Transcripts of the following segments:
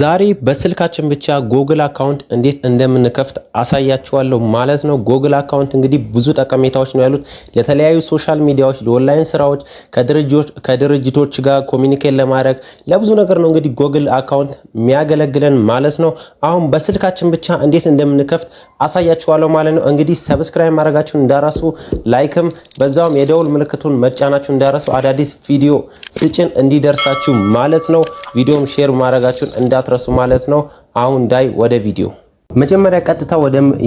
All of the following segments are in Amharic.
ዛሬ በስልካችን ብቻ ጎግል አካውንት እንዴት እንደምንከፍት አሳያችኋለሁ ማለት ነው። ጎግል አካውንት እንግዲህ ብዙ ጠቀሜታዎች ነው ያሉት ለተለያዩ ሶሻል ሚዲያዎች፣ ለኦንላይን ስራዎች፣ ከድርጅቶች ጋር ኮሚኒኬት ለማድረግ ለብዙ ነገር ነው እንግዲህ ጎግል አካውንት የሚያገለግለን ማለት ነው። አሁን በስልካችን ብቻ እንዴት እንደምንከፍት አሳያችኋለሁ ማለት ነው። እንግዲህ ሰብስክራይብ ማድረጋችሁን እንዳረሱ፣ ላይክም በዛውም የደውል ምልክቱን መጫናችሁ እንዳረሱ፣ አዳዲስ ቪዲዮ ስጭን እንዲደርሳችሁ ማለት ነው። ቪዲዮም ሼር ማድረጋችሁን እንዳትረሱ ማለት ነው። አሁን ዳይ ወደ ቪዲዮ መጀመሪያ ቀጥታ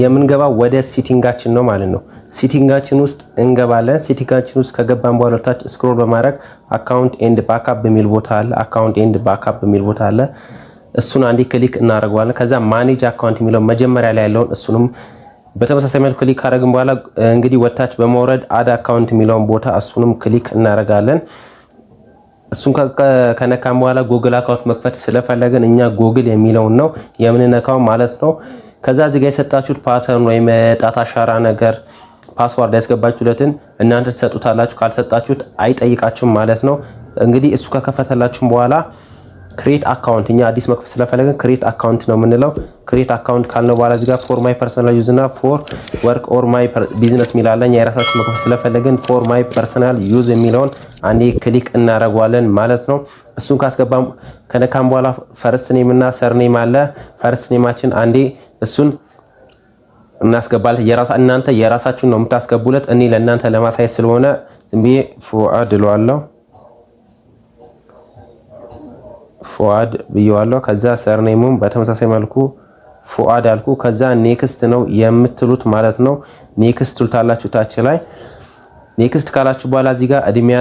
የምንገባ ወደ ሲቲንጋችን ነው ማለት ነው። ሲቲንጋችን ውስጥ እንገባለን። ሲቲንጋችን ውስጥ ከገባን በኋላ ታች ስክሮል በማድረግ አካውንት ኤንድ ባክአፕ በሚል ቦታ አለ። አካውንት ኤንድ ባክአፕ በሚል ቦታ አለ። እሱን አንዴ ክሊክ እናደርገዋለን። ከዛ ማኔጅ አካውንት የሚለው መጀመሪያ ላይ ያለውን እሱንም በተመሳሳይ መልኩ ክሊክ ካደረግን በኋላ እንግዲህ ወታች በመውረድ አድ አካውንት የሚለውን ቦታ እሱንም ክሊክ እናደርጋለን። እሱን ከነካም በኋላ ጎግል አካውንት መክፈት ስለፈለግን እኛ ጎግል የሚለውን ነው የምንነካው ማለት ነው። ከዛ እዚጋ የሰጣችሁት ፓተርን ወይም ጣት አሻራ ነገር ፓስዋርድ ያስገባችሁለትን እናንተ ትሰጡታላችሁ። ካልሰጣችሁት አይጠይቃችሁም ማለት ነው። እንግዲህ እሱ ከከፈተላችሁም በኋላ ክሬት አካውንት እኛ አዲስ መክፈት ስለፈለግን ክሬት አካውንት ነው የምንለው። ክሬት አካውንት ካልነው በኋላ እዚህ ፎር ማይ ፐርሰናል ዩዝ እና ፎር ወርክ ኦር ማይ ቢዝነስ የሚላለን የራሳችን መክፈት ስለፈለግን ፎር ማይ ፐርሰናል ዩዝ የሚለውን አንዴ ክሊክ እናደርገዋለን ማለት ነው። እሱን ካስገባም ከነካም በኋላ ፈርስት ኔም እና ሰርኔም አለ። ፈርስት ኔማችን አንዴ እሱን እናስገባለን። እናንተ የራሳችሁን ነው የምታስገቡለት። እኔ ለእናንተ ለማሳየት ስለሆነ ዝም ብዬ ፉአድ እለዋለሁ። ፉአድ ብየዋለሁ። ከዛ ሰርኔሙን በተመሳሳይ መልኩ ፉአድ አልኩ። ከዛ ኔክስት ነው የምትሉት ማለት ነው። ኔክስት ትሉታላችሁ ታች ላይ ኔክስት ካላችሁ በኋላ እዚህ ጋር እድሜያ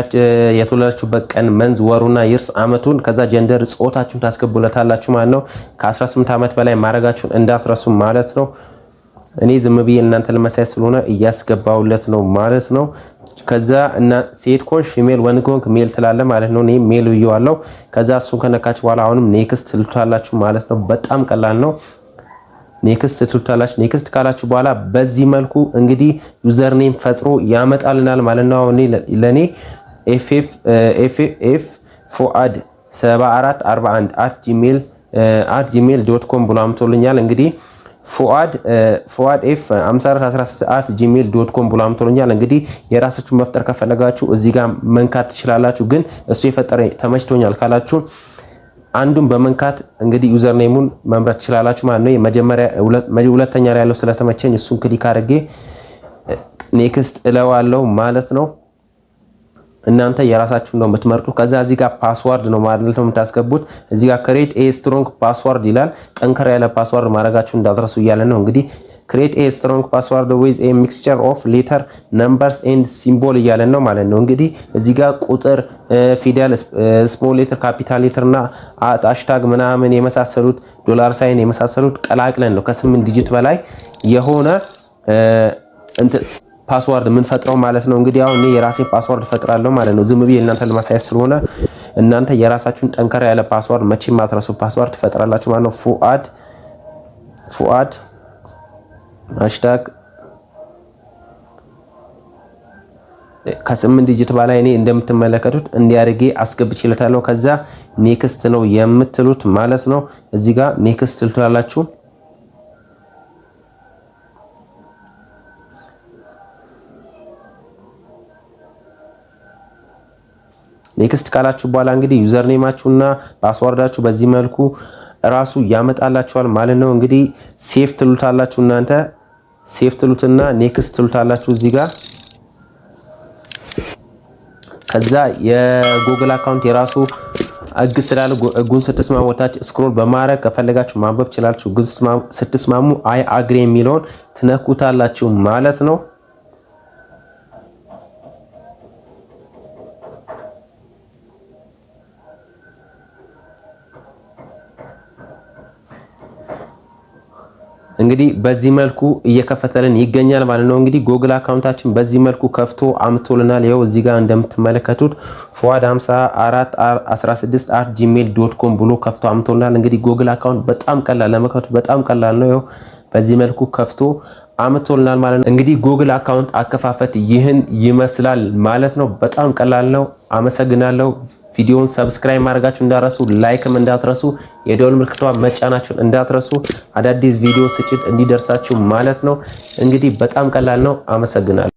የተወለዳችሁበት ቀን፣ መንዝ፣ ወሩና ይርስ አመቱን፣ ከዛ ጀንደር ጾታችሁን ታስገቡለታላችሁ ማለት ነው። ከ18 ዓመት በላይ ማድረጋችሁን እንዳትረሱ ማለት ነው። እኔ ዝም ብዬ እናንተ ለመሳይ ስለሆነ እያስገባውለት ነው ማለት ነው። ከዛ እና ሴት ኮንሽ ፊሜል ወንድ ኮንክ ሜል ትላለ ማለት ነው። እኔ ሜል ብየዋለሁ። ከዛ እሱን ከነካች በኋላ አሁንም ኔክስት ትሉታላችሁ ማለት ነው። በጣም ቀላል ነው። ኔክስት ትሉታላችሁ። ኔክስት ካላችሁ በኋላ በዚህ መልኩ እንግዲህ ዩዘር ኔም ፈጥሮ ያመጣልናል ማለት ነው። አሁን ለኔ ኤፍ ኤፍ ፎአድ 7441 አት ጂሜል ዶት ኮም ብሎ አምቶልኛል እንግዲህ ፉአድ ፉአድ ኤፍ 5416 ጂሜል ዶት ኮም ብሎ አምጥቶልኛል። እንግዲህ የራሳችሁን መፍጠር ከፈለጋችሁ እዚህ ጋር መንካት ትችላላችሁ። ግን እሱ የፈጠረ ተመችቶኛል ካላችሁ አንዱን በመንካት እንግዲህ ዩዘር ኔሙን መምረጥ ትችላላችሁ ማለት ነው። የመጀመሪያ ሁለተኛ ላይ ያለው ስለተመቸኝ እሱን ክሊክ አድርጌ ኔክስት እለዋለው ማለት ነው። እናንተ የራሳችሁ ነው የምትመርጡ። ከዛ እዚህ ጋር ፓስዋርድ ነው ማለት ነው የምታስገቡት። እዚህ ጋር ክሬት ኤ ስትሮንግ ፓስዋርድ ይላል። ጠንከር ያለ ፓስዋርድ ማድረጋችሁ እንዳትረሱ እያለ ነው እንግዲህ ክሬት ኤ ስትሮንግ ፓስዋርድ ዊዝ ኤ ሚክስቸር ኦፍ ሌተር ነምበርስ ኤንድ ሲምቦል እያለን ነው ማለት ነው። እንግዲህ እዚህ ጋር ቁጥር፣ ፊደል፣ ስሞል ሌተር፣ ካፒታል ሌተር እና አሽታግ ምናምን የመሳሰሉት ዶላር ሳይን የመሳሰሉት ቀላቅለን ነው ከስምንት ዲጂት በላይ የሆነ ፓስዋርድ የምንፈጥረው ማለት ነው። እንግዲህ አሁን እኔ የራሴ ፓስዋርድ ፈጥራለሁ ማለት ነው። ዝም ብዬ እናንተ ለማሳየት ስለሆነ እናንተ የራሳችሁን ጠንከራ ያለ ፓስዋርድ መቼም ማትረሱ ፓስዋርድ ትፈጥራላችሁ ማለት ነው። ፉአድ ፉአድ ሃሽታግ ከስምንት ዲጂት በላይ እኔ እንደምትመለከቱት እንዲያርጌ አስገብቼለታለሁ። ከዛ ኔክስት ነው የምትሉት ማለት ነው። እዚህ ጋር ኔክስት ትሉታላችሁ። ኔክስት ካላችሁ በኋላ እንግዲህ ዩዘር ኔማችሁና ፓስዋርዳችሁ በዚህ መልኩ ራሱ ያመጣላችኋል ማለት ነው። እንግዲህ ሴፍ ትሉታላችሁ እናንተ ሴፍ ትሉትና ኔክስት ትሉታላችሁ እዚህ ጋር ከዛ የጉግል አካውንት የራሱ ህግ ስላለ ህጉን ስትስማሙ ወታች ስክሮል በማድረግ ከፈለጋችሁ ማንበብ ትችላላችሁ። ህጉን ስትስማሙ አይ አግሪ የሚለውን ትነኩታላችሁ ማለት ነው። እንግዲህ በዚህ መልኩ እየከፈተልን ይገኛል ማለት ነው። እንግዲህ ጎግል አካውንታችን በዚህ መልኩ ከፍቶ አምቶልናል ይኸው እዚህ ጋር እንደምትመለከቱት ፎዋድ 5416 አት ጂሜል ዶት ኮም ብሎ ከፍቶ አምቶልናል። እንግዲህ ጎግል አካውንት በጣም ቀላል ለመክፈቱ በጣም ቀላል ነው። ይኸው በዚህ መልኩ ከፍቶ አምቶልናል ማለት ነው። እንግዲህ ጎግል አካውንት አከፋፈት ይህን ይመስላል ማለት ነው። በጣም ቀላል ነው። አመሰግናለሁ። ቪዲዮውን ሰብስክራይብ ማድረጋችሁ እንዳትረሱ፣ ላይክም እንዳትረሱ፣ የደወል ምልክቷን መጫናችሁን እንዳትረሱ። አዳዲስ ቪዲዮ ስጭት እንዲደርሳችሁ ማለት ነው። እንግዲህ በጣም ቀላል ነው። አመሰግናለሁ።